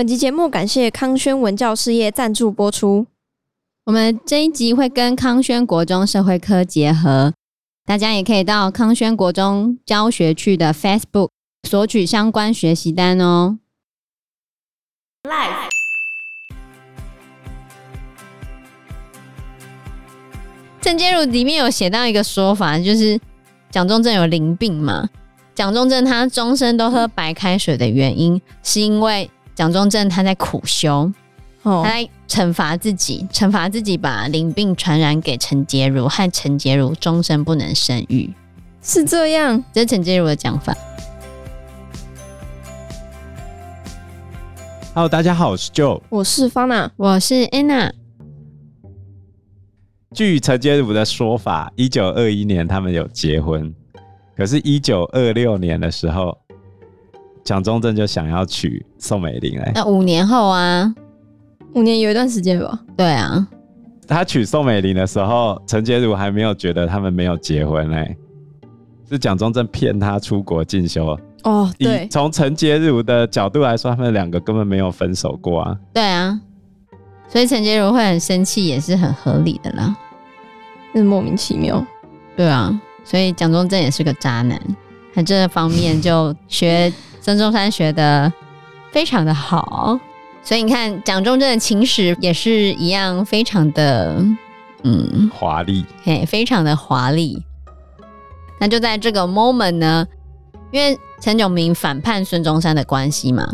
本集節目感謝康軒文教事業贊助播出。我們這一集會跟康軒國中社會科結合，大家也可以到康軒國中教學區的 Facebook 索取相關學習單哦。賴鄭 Life 介如裡面有寫到一個說法，就是蔣中正有淋病嘛？蔣中正他終身都喝白開水的原因，是因為。蔣中正他在苦修，Oh. 他在懲罰自己，懲罰自己把淋病傳染給陳潔如，害陳潔如終身不能生育，是這樣？這是陳潔如的講法。Hello，大家好，我是 Joe，我是 Fana，我是 Anna。據陳潔如的說法，一九二一年他們有結婚，可是，一九二六年的時候。蔣中正就想要娶宋美齡哎、欸，那、啊、五年後啊，五年有一段時間吧。對啊，他娶宋美齡的時候，陳潔如還沒有覺得他們沒有結婚哎、欸，是蔣中正騙他出國進修哦。對，從陳潔如的角度來說，他們兩個根本沒有分手過啊。對啊，所以陳潔如會很生氣也是很合理的啦，是莫名其妙。對啊，所以蔣中正也是個渣男，在這方面就學。 孫中山學的非常的好，所以你看蔣中正的情史也是一樣，非常的嗯華麗，麗嘿，非常的華麗。那就在這個 moment 呢，因為陳炯明反叛孫中山的關係嘛，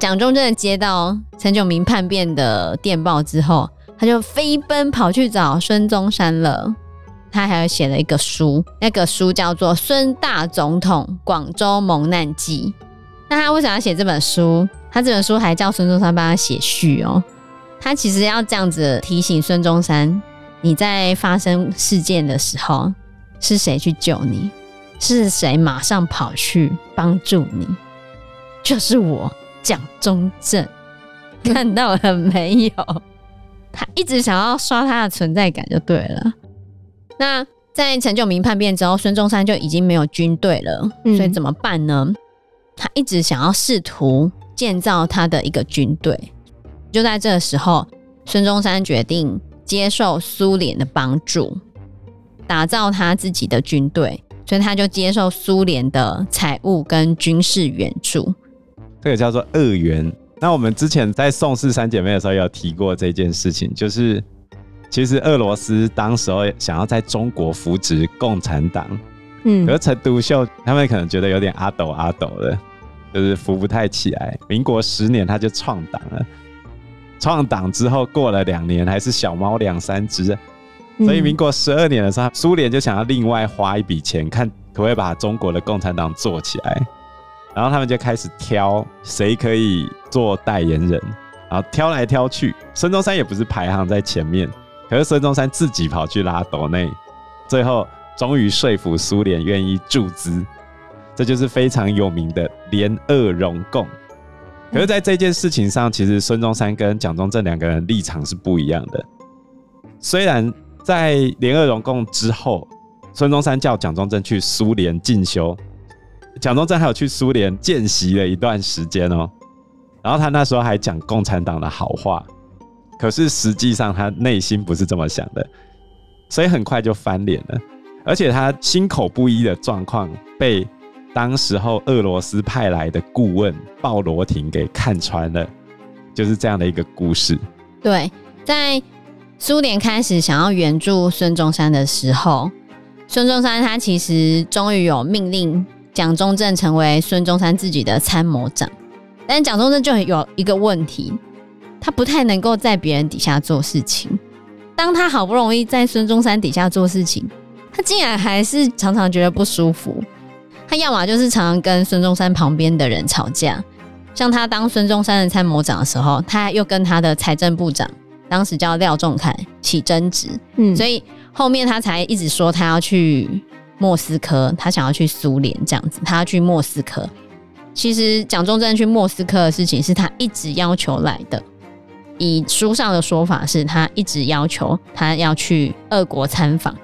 蔣中正接到陳炯明叛變的電報之後，他就飛奔跑去找孫中山了。他還有寫了一個書，那個書叫做《孫大總統廣州蒙難記》。那他為什麼要寫這本書？他這本書還叫孫中山幫他寫序哦。他其實要這樣子提醒孫中山：你在發生事件的時候是誰去救你？是誰馬上跑去幫助你？就是我蔣中正。看到了沒有？ 他一直想要刷他的存在感，就對了。那在陳炯明叛變之後，孫中山就已經沒有軍隊了，所以怎麼辦呢？嗯他一直想要試圖建造他的一個軍隊，就在這個時候，孫中山決定接受蘇聯的幫助，打造他自己的軍隊，所以他就接受蘇聯的財務跟軍事援助。這個叫做二元。那我們之前在《宋氏三姐妹》的時候有提過這件事情，就是其實俄羅斯當時候想要在中國扶植共產黨，嗯，而陳獨秀他們可能覺得有點阿斗阿斗的。就是扶不太起來。民國十年，他就創黨了。創黨之後，過了兩年，還是小貓兩三隻。所以，民國十二年的時候，蘇聯、嗯、就想要另外花一筆錢，看可不可以把中國的共產黨做起來。然後，他們就開始挑誰可以做代言人，然後挑來挑去，孫中山也不是排行在前面。可是，孫中山自己跑去拉斗內，最後終於說服蘇聯願意注資。這就是非常有名的聯俄容共。可是，在這件事情上，其實孫中山跟蔣中正兩個人立場是不一樣的。雖然在聯俄容共之後，孫中山叫蔣中正去蘇聯進修，蔣中正還有去蘇聯見習了一段時間哦。然後他那時候還講共產黨的好話，可是實際上他內心不是這麼想的，所以很快就翻臉了。而且他心口不一的狀況被。當時候，俄羅斯派來的顧問鮑羅廷給看穿了，就是這樣的一個故事。對，在蘇聯開始想要援助孫中山的時候，孫中山他其實終於有命令蔣中正成為孫中山自己的參謀長，但蔣中正就有一個問題，他不太能夠在別人底下做事情。當他好不容易在孫中山底下做事情，他竟然還是常常覺得不舒服。他要麼就是常常跟孫中山旁邊的人吵架，像他當孫中山的參謀長的時候，他又跟他的財政部長，當時叫廖仲愷起爭執，嗯，所以後面他才一直說他要去莫斯科，他想要去蘇聯這樣子，他要去莫斯科。其實蔣中正去莫斯科的事情是他一直要求來的，以書上的說法是他一直要求他要去俄國參訪。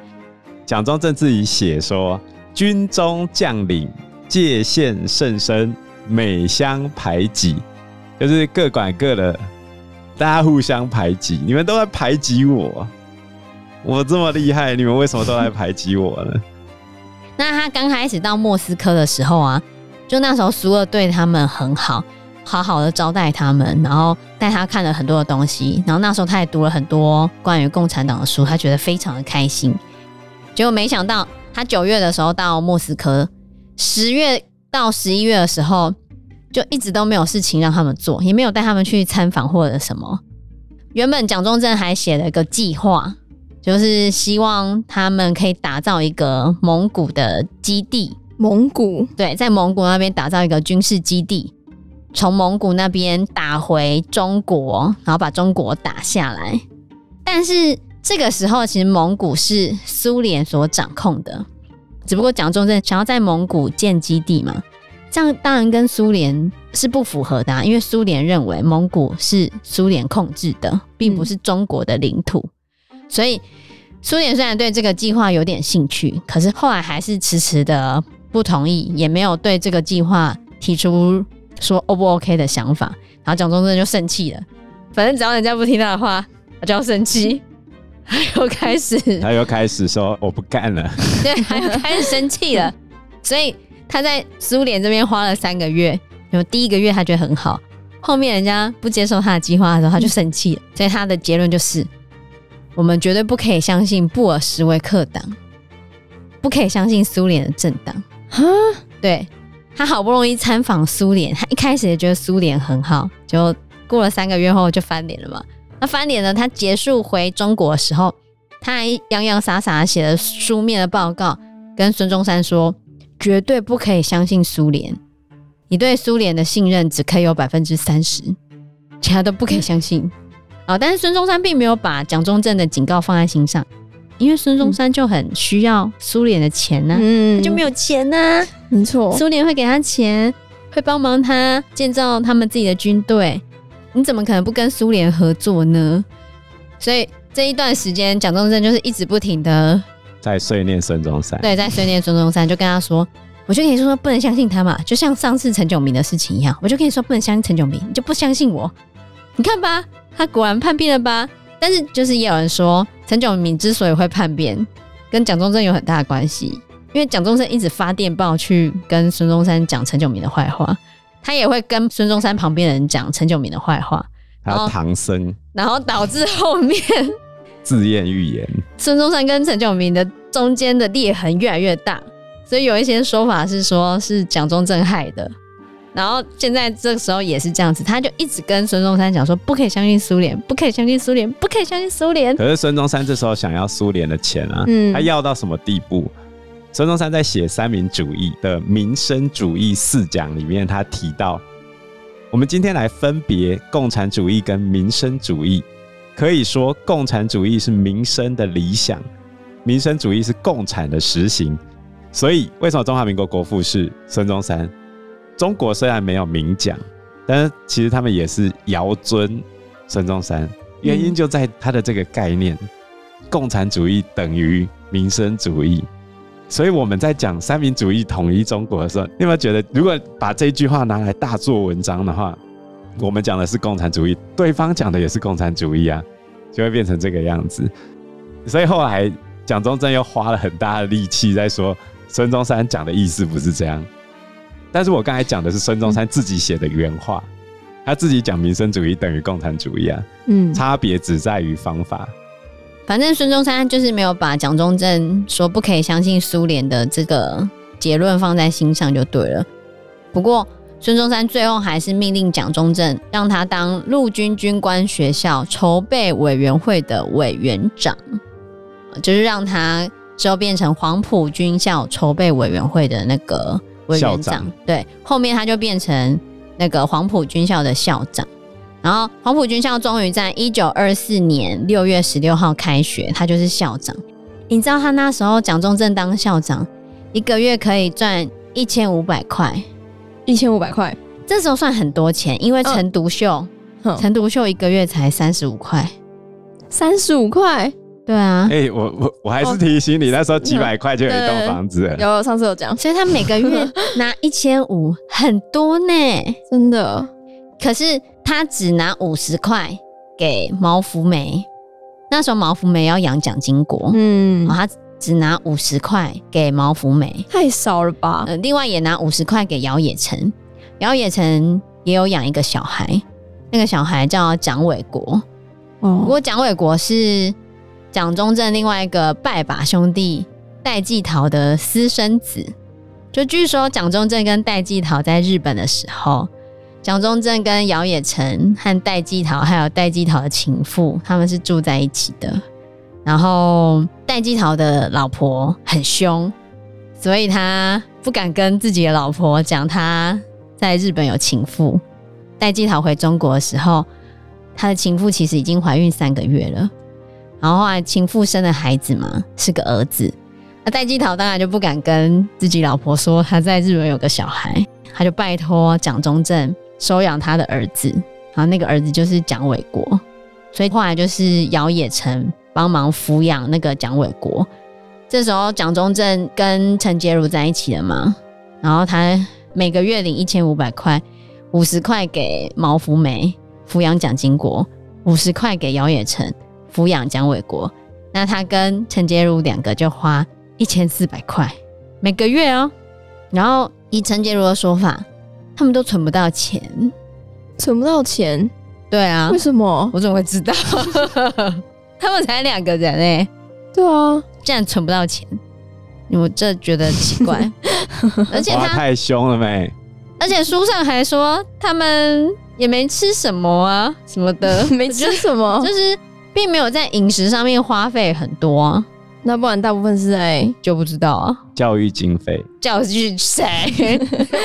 蔣中正自己寫說。軍中將領界限甚深，每相排擠，就是各管各的，大家互相排擠，你們都在排擠我，我這麼厲害，你們為什麼都在排擠我呢？ 那他剛開始到莫斯科的時候啊，就那時候蘇俄對他們很好，好好的招待他們，然後帶他看了很多的東西，然後那時候他也讀了很多關於共產黨的書，他覺得非常的開心，結果沒想到。他九月的時候到莫斯科，十月到十一月的時候，就一直都沒有事情讓他們做，也沒有帶他們去參訪或者什麼。原本蔣中正還寫了一個計劃，就是希望他們可以打造一個蒙古的基地，蒙古對，在蒙古那邊打造一個軍事基地，從蒙古那邊打回中國，然後把中國打下來。但是，這個時候，其實蒙古是蘇聯所掌控的，只不過蔣中正想要在蒙古建基地嘛，這樣當然跟蘇聯是不符合的。啊，因為蘇聯認為蒙古是蘇聯控制的，並不是中國的領土，嗯、所以蘇聯雖然對這個計劃有點興趣，可是後來還是遲遲的不同意，也沒有對這個計劃提出說“ O 不 OK” 的想法，然後蔣中正就生氣了，反正只要人家不聽他的話，他就要生氣。他又開始，他又開始說我不幹了， 對，他又開始生氣了。所以他在蘇聯這邊花了三個月，然後第一個月他覺得很好，後面人家不接受他的計劃的時候，他就生氣了。所以他的結論就是：我們絕對不可以相信布爾什維克黨，不可以相信蘇聯的政黨。啊蛤，對，他好不容易參訪蘇聯，他一開始也覺得蘇聯很好，結果過了三個月後就翻臉了嘛。他翻臉了，他結束回中國的時候，他還洋洋灑灑寫了書面的報告，跟孫中山說：“絕對不可以相信蘇聯，你對蘇聯的信任只可以有百分之三十，其他都不可以相信。”啊、 哦！但是孫中山並沒有把蔣中正的警告放在心上，因為孫中山就很需要蘇聯的錢呢、啊，嗯、他就沒有錢呢、啊。沒錯，蘇聯會給他錢，會幫忙他建造他們自己的軍隊。你怎麼可能不跟蘇聯合作呢？所以這一段時間，蔣中正就是一直不停的在碎念孫中山。對，在碎念孫中山，就跟他說：“嗯、我就跟你說說，不能相信他嘛，就像上次陳炯明的事情一樣，我就跟你說不能相信陳炯明，你就不相信我。你看吧，他果然叛變了吧？但是就是也有人說，陳炯明之所以會叛變，跟蔣中正有很大的關係，因為蔣中正一直發電報去跟孫中山講陳炯明的壞話。”他也會跟孫中山旁邊的人講陳炯明的壞話，他唐僧，然後導致後面自言欲言，孫中山跟陳炯明的中間的裂痕越來越大，所以有一些說法是說是蔣中正害的，然後現在這個時候也是這樣子，他就一直跟孫中山講說不可以相信蘇聯，不可以相信蘇聯，不可以相信蘇聯。可是孫中山這時候想要蘇聯的錢啊，他、嗯、要到什麼地步？孫中山在寫《三民主義》的《民生主義四講》裡面，他提到：我們今天來分別共產主義跟民生主義，可以說共產主義是民生的理想，民生主義是共產的實行。所以，為什麼中華民國國父是孫中山？中國雖然沒有明講，但是其實他們也是遙尊孫中山。原因就在他的這個概念：嗯、共產主義等於民生主義。所以我們在講三民主義統一中國的時候，你有沒有覺得，如果把這句話拿來大做文章的話，我們講的是共產主義，對方講的也是共產主義啊，就會變成這個樣子。所以後來蔣中正又花了很大的力氣在說孫中山講的意思不是這樣，但是我剛才講的是孫中山自己寫的原話，嗯，他自己講民生主義等於共產主義啊，嗯，差別只在於方法。反正孫中山就是沒有把蔣中正說不可以相信蘇聯的這個結論放在心上就對了。不過孫中山最後還是命令蔣中正讓他當陸軍軍官學校籌備委員會的委員長，就是讓他之後變成黃埔軍校籌備委員會的那個委員長。校長。對，後面他就變成那個黃埔軍校的校長。然後黃埔軍校終於在一九二四年六月十六號開學，他就是校長。你知道他那時候蔣中正當校長，一個月可以賺一千五百塊。一千五百塊，這時候算很多錢，因為陳獨秀，哦、陳獨秀一個月才三十五塊。三十五塊，對啊。哎、欸，我我我還是提醒你，哦、那時候幾百塊就有一棟房子。有上次有講，所以他每個月拿一千五，很多呢，真的。可是。他只拿五十塊給毛福梅，那時候毛福梅要養蔣經國，嗯、哦，他只拿五十塊給毛福梅，太少了吧？呃、另外也拿五十塊給姚冶誠，姚冶誠也有養一個小孩，那個小孩叫蔣緯國，哦，不過蔣緯國是蔣中正另外一個拜把兄弟戴季陶的私生子，就據說蔣中正跟戴季陶在日本的時候。蔣中正跟姚也成和戴季陶，還有戴季陶的情婦，他們是住在一起的。然後戴季陶的老婆很凶，所以他不敢跟自己的老婆講他在日本有情婦。戴季陶回中國的時候，他的情婦其實已經懷孕三個月了。然後後來情婦生的孩子嘛，是個兒子。那戴季陶當然就不敢跟自己老婆說他在日本有個小孩，他就拜託蔣中正。收養他的兒子，然後那個兒子就是蔣緯國，所以後來就是姚冶誠幫忙撫養那個蔣緯國。這時候蔣中正跟陳潔如在一起了嘛，然後他每個月領一千五百塊，五十塊給毛福梅撫養蔣經國，五十塊給姚冶誠撫養蔣緯國。那他跟陳潔如兩個就花一千四百塊，每個月哦、喔。然後以陳潔如的說法。他們都存不到錢，存不到錢，對啊，為什麼？我怎麼會知道？ 他們才兩個人哎，欸，對啊，竟然存不到錢，我這覺得奇怪。 而且他哇太兇了沒？而且書上還說他們也沒吃什麼啊，什麼的， 沒吃什麼，就是並沒有在飲食上面花費很多。那不然，大部分是在、欸、就不知道啊。教育經費？教育誰？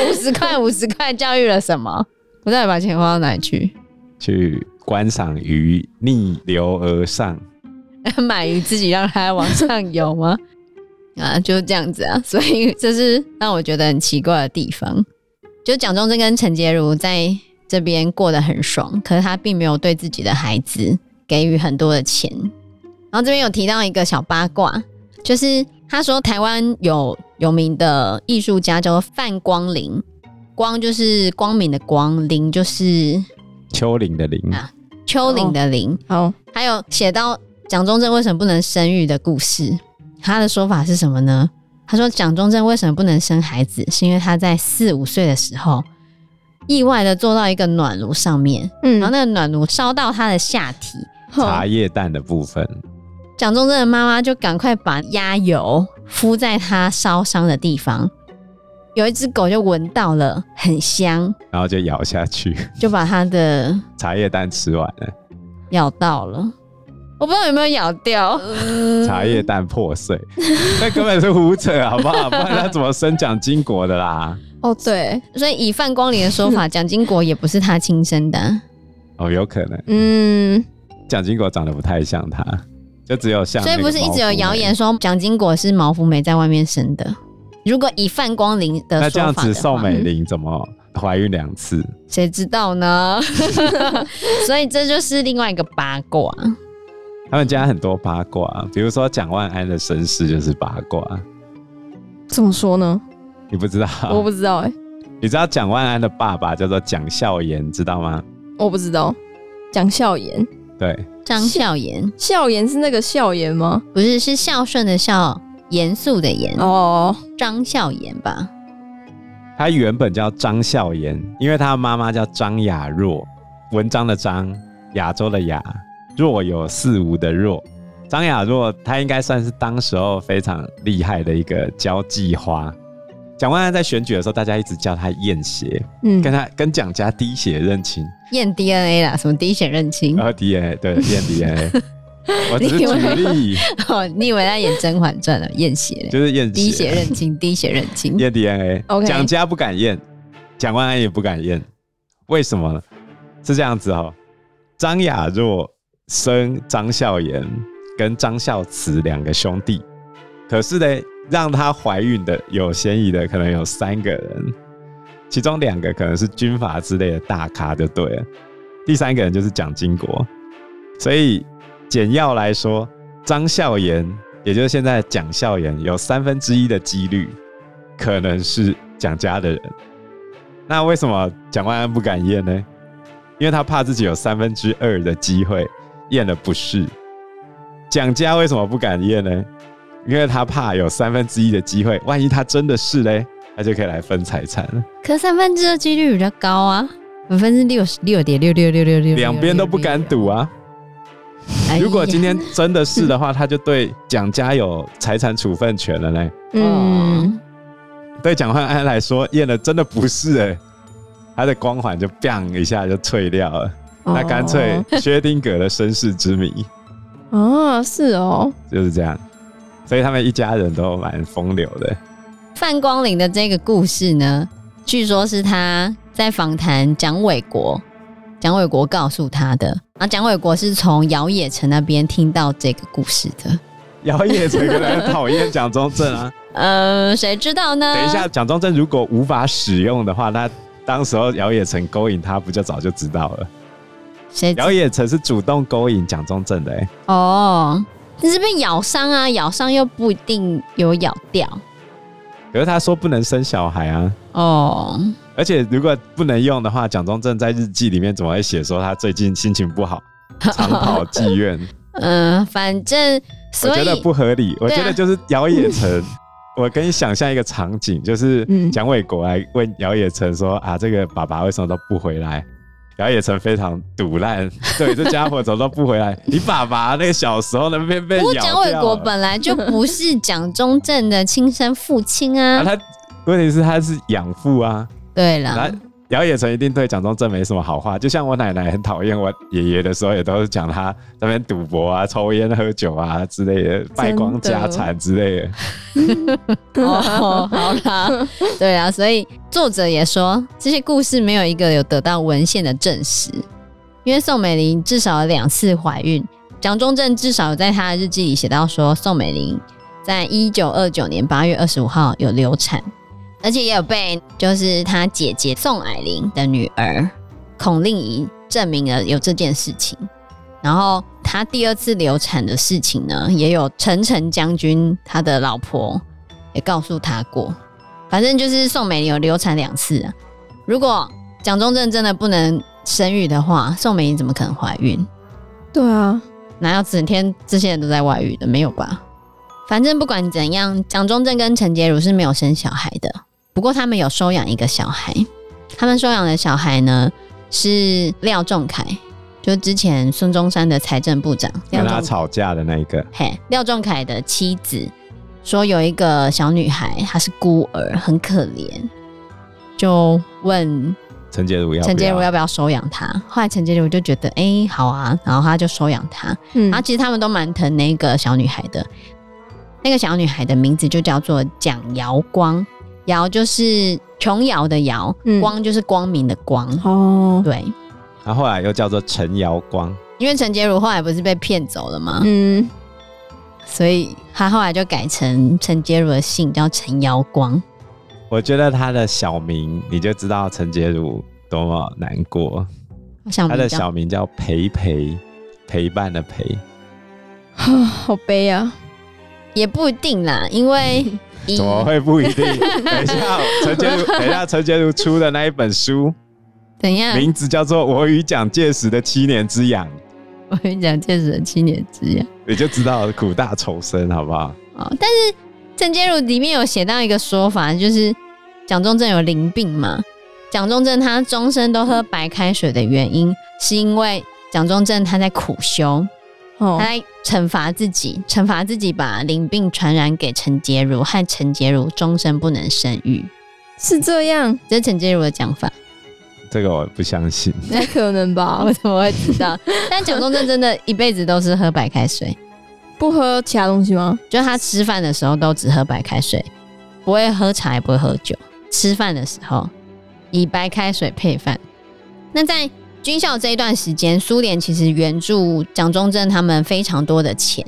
五十塊，五十塊教育了什麼？我到底把錢花到哪裡去？去觀賞魚，逆流而上。買魚自己讓它往上游嗎？ 啊，就是這樣子啊。所以這是讓我覺得很奇怪的地方。就蔣中正跟陳潔如在這邊過得很爽，可是他並沒有對自己的孩子給予很多的錢。然後這邊有提到一個小八卦，就是他說台灣有有名的藝術家叫做范光陵，光就是光明的光，陵就是丘陵的陵，啊、丘陵的陵，丘陵的陵。哦，還有寫到蔣中正為什麼不能生育的故事，他的說法是什麼呢？他說蔣中正為什麼不能生孩子，是因為他在四五歲的時候意外的坐到一個暖爐上面，嗯，然後那個暖爐燒到他的下體，茶葉蛋的部分。蔣中正的媽媽就趕快把鴨油敷在他燒傷的地方。有一隻狗就聞到了很香，然後就咬下去，就把他的茶葉蛋吃完了。咬到了，我不知道有沒有咬掉。嗯、茶葉蛋破碎，那、嗯、 根本是胡扯，好不好？不然他怎麼生蔣經國的啦？哦，對，所以以范光里的說法，蔣經國也不是他親生的。嗯、哦，有可能。嗯，蔣經國長得不太像他。就只有蔣，所以不是一直有謠言說蔣經國是毛福梅在外面生的？如果以范光林的說法，那這樣子宋美齡怎麼懷孕兩次？誰、嗯、知道呢？ 所以這就是另外一個八卦。他們家很多八卦，比如說蔣萬安的身世就是八卦。怎麼說呢？你不知道？我不知道哎、欸。你知道蔣萬安的爸爸叫做蔣孝嚴，你知道嗎？我不知道。蔣孝嚴對。章孝嚴，孝嚴是那個孝嚴嗎？不是，是孝順的孝，嚴肅的嚴。哦，章孝嚴吧。他原本叫章孝嚴，因為他媽媽叫章亞若，文章的章，亞洲的亞，若有似無的若。章亞若，她應該算是當時候非常厲害的一個交際花。蔣萬安在選舉的時候，大家一直叫他驗血、嗯，跟他跟蔣家滴血認親，驗 DNA 啦，什麼滴血認親？呃、哦、DNA 對，驗 DNA， 我只是舉例。你以為他演《甄嬛傳》了？驗血就是驗滴血，血認親，滴血認親，驗 DNA。蔣 Okay 家不敢驗，蔣萬安也不敢驗，為什麼呢？是這樣子哈、哦，章亞若生章孝嚴跟章孝慈兩個兄弟，可是呢，讓她懷孕的有嫌疑的可能有三個人，其中兩個可能是軍閥之類的大咖，就對了。第三個人就是蔣經國。所以簡要來說，章孝嚴，也就是現在蔣孝嚴，有三分之一的幾率可能是蔣家的人。那為什麼蔣萬安不敢驗呢？因為他怕自己有三分之二的機會驗了不是蔣家，為什麼不敢驗呢？因為他怕有三分之一的機會，萬一他真的是嘞，他就可以來分財產了。可三分之二的幾率比較高啊，百分之六十六點六六六六六，兩邊都不敢賭啊。哎、如果今天真的是的話，他就對蔣家有財產處分權了嘞、欸。嗯，對蔣萬安來說，驗了真的不是嘞、欸，他的光環就 bang 一下就脆掉了。哦、那乾脆薛定諤的身世之謎啊、哦，是哦，就是這樣。所以他們一家人都蠻風流的。范光林的這個故事呢，據說是他在訪談蔣緯國，蔣緯國告訴他的。啊，蔣緯國是從姚冶誠那邊聽到這個故事的。姚冶誠原來討厭蔣中正啊。嗯 、呃，誰知道呢？等一下，蔣中正如果無法使用的話，那當時候姚冶誠勾引他，不就早就知道了？誰？姚冶誠是主動勾引蔣中正的、欸。哎。哦。你這邊咬傷啊？咬傷又不一定有咬掉。可是他說不能生小孩啊。哦。Oh. 而且如果不能用的話，蔣中正在日記裡面怎麼會寫說他最近心情不好，常跑妓院？嗯、oh. 呃，反正所我覺得不合理。啊、我覺得就是姚冶誠。 我跟你想象一個場景， 就是蔣緯國來問姚冶誠說：“嗯、啊，這個爸爸為什麼都不回來？”小野成非常毒爛，對這家伙走到不回來。 你爸爸那個小時候那邊被不過蔣緯國本來就不是蔣中正的親生父親啊，啊他問題是他是養父啊，對了啦。啊要演成，一定對蔣中正沒什麼好話，就像我奶奶很討厭我爺爺的時候，也都是講他在那邊賭博啊、抽菸喝酒啊之類的，的敗光家產之類的。哦，好啦， 對啊，所以作者也說這些故事沒有一個有得到文獻的證實，因為宋美齡至少有兩次懷孕，蔣中正至少有在他的日記裡寫到說宋美齡在一九二九年八月二十五號有流產。而且也有被，就是他姐姐宋靄齡的女兒孔令儀證明了有這件事情。然後他第二次流產的事情呢，也有陳誠將軍他的老婆也告訴他過。反正就是宋美齡有流產兩次啊。如果蔣中正真的不能生育的話，宋美齡怎麼可能懷孕？對啊，哪有整天這些人都在外遇的沒有吧？反正不管怎樣，蔣中正跟陳潔如是沒有生小孩的。不過他們有收養一個小孩，他們收養的小孩呢是廖仲愷，就之前孫中山的財政部長。跟他吵架的那一個。嘿，廖仲愷的妻子說有一個小女孩，她是孤兒，很可憐，就問陳潔如要，要，陳潔如要不要收養她？後來陳潔如就覺得，哎、欸，好啊，然後他就收養她。嗯，然後其實他們都蠻疼那個小女孩的。那個小女孩的名字就叫做蔣瑤光。瑤就是瓊瑤的瑤，嗯、光就是光明的光哦。對，他後來又叫做陳瑤光，因為陳潔如後來不是被騙走了嗎？嗯，所以他後來就改成陳潔如的姓叫陳瑤光。我覺得他的小名你就知道陳潔如多麼難過。他的小名叫陪陪陪伴的陪，哈，好悲啊，也不一定啦，因為、嗯。怎麼會不一定？等一下陳潔，等一下陳潔如出的那一本書，怎樣？名字叫做《我與蔣介石的七年之癢》。我與你蔣介石的七年之癢，你就知道苦大仇深，好不好？哦，但是陳潔如裡面有寫到一個說法，就是蔣中正有淋病嘛？蔣中正他終身都喝白開水的原因，是因為蔣中正他在苦修。來懲罰自己，懲罰自己把淋病傳染給陳潔如，害陳潔如終身不能生育，是這樣？這是陳潔如的講法，這個我不相信。那可能吧，我怎麼會知道？ 但蔣中正真的一輩子都是喝白開水， 不喝其他東西嗎？就他吃飯的時候都只喝白開水，不會喝茶也不會喝酒，吃飯的時候以白開水配飯。那在，軍校這一段時間，蘇聯其實援助蔣中正他們非常多的錢。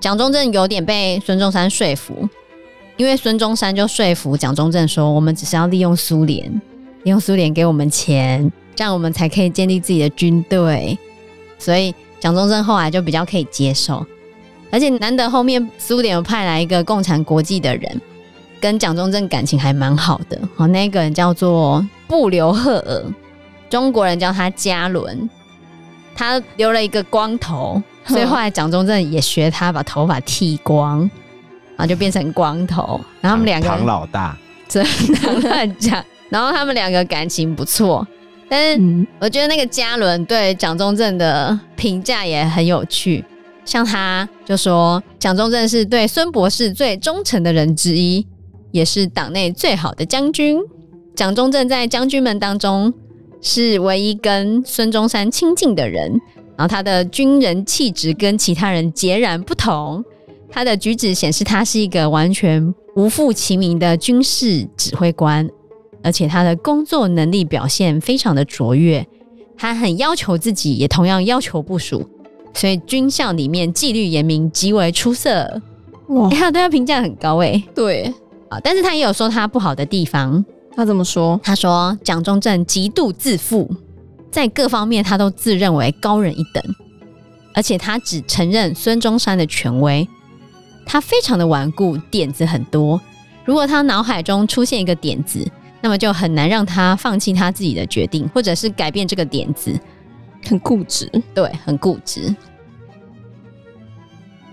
蔣中正有點被孫中山說服，因為孫中山就說服蔣中正說：“我們只是要利用蘇聯，利用蘇聯給我們錢，這樣我們才可以建立自己的軍隊。”所以蔣中正後來就比較可以接受，而且難得後面蘇聯有派來一個共產國際的人，跟蔣中正感情還蠻好的。哦，那個人叫做布留赫爾。中國人叫他加侖，他留了一個光頭，所以後來蔣中正也學他把頭髮剃光，然後就變成光頭。然後他們兩個，唐老大，真的很像，然後他們兩個感情不錯。但是我覺得那個加侖對蔣中正的評價也很有趣，像他就說，蔣中正是對孫博士最忠誠的人之一，也是黨內最好的將軍。蔣中正在將軍們當中。是唯一跟孫中山親近的人，然後他的軍人氣質跟其他人截然不同，他的舉止顯示他是一個完全不負其名的軍事指揮官，而且他的工作能力表現非常的卓越，他很要求自己，也同樣要求部屬，所以軍校裡面紀律嚴明，極為出色。哇，他對他評價很高誒。對啊，但是他也有說他不好的地方。他怎麼說？他說蔣中正極度自負，在各方面他都自認為高人一等，而且他只承認孫中山的權威。他非常的頑固，點子很多。如果他腦海中出現一個點子，那麼就很難讓他放棄他自己的決定，或者是改變這個點子。很固執，對，很固執。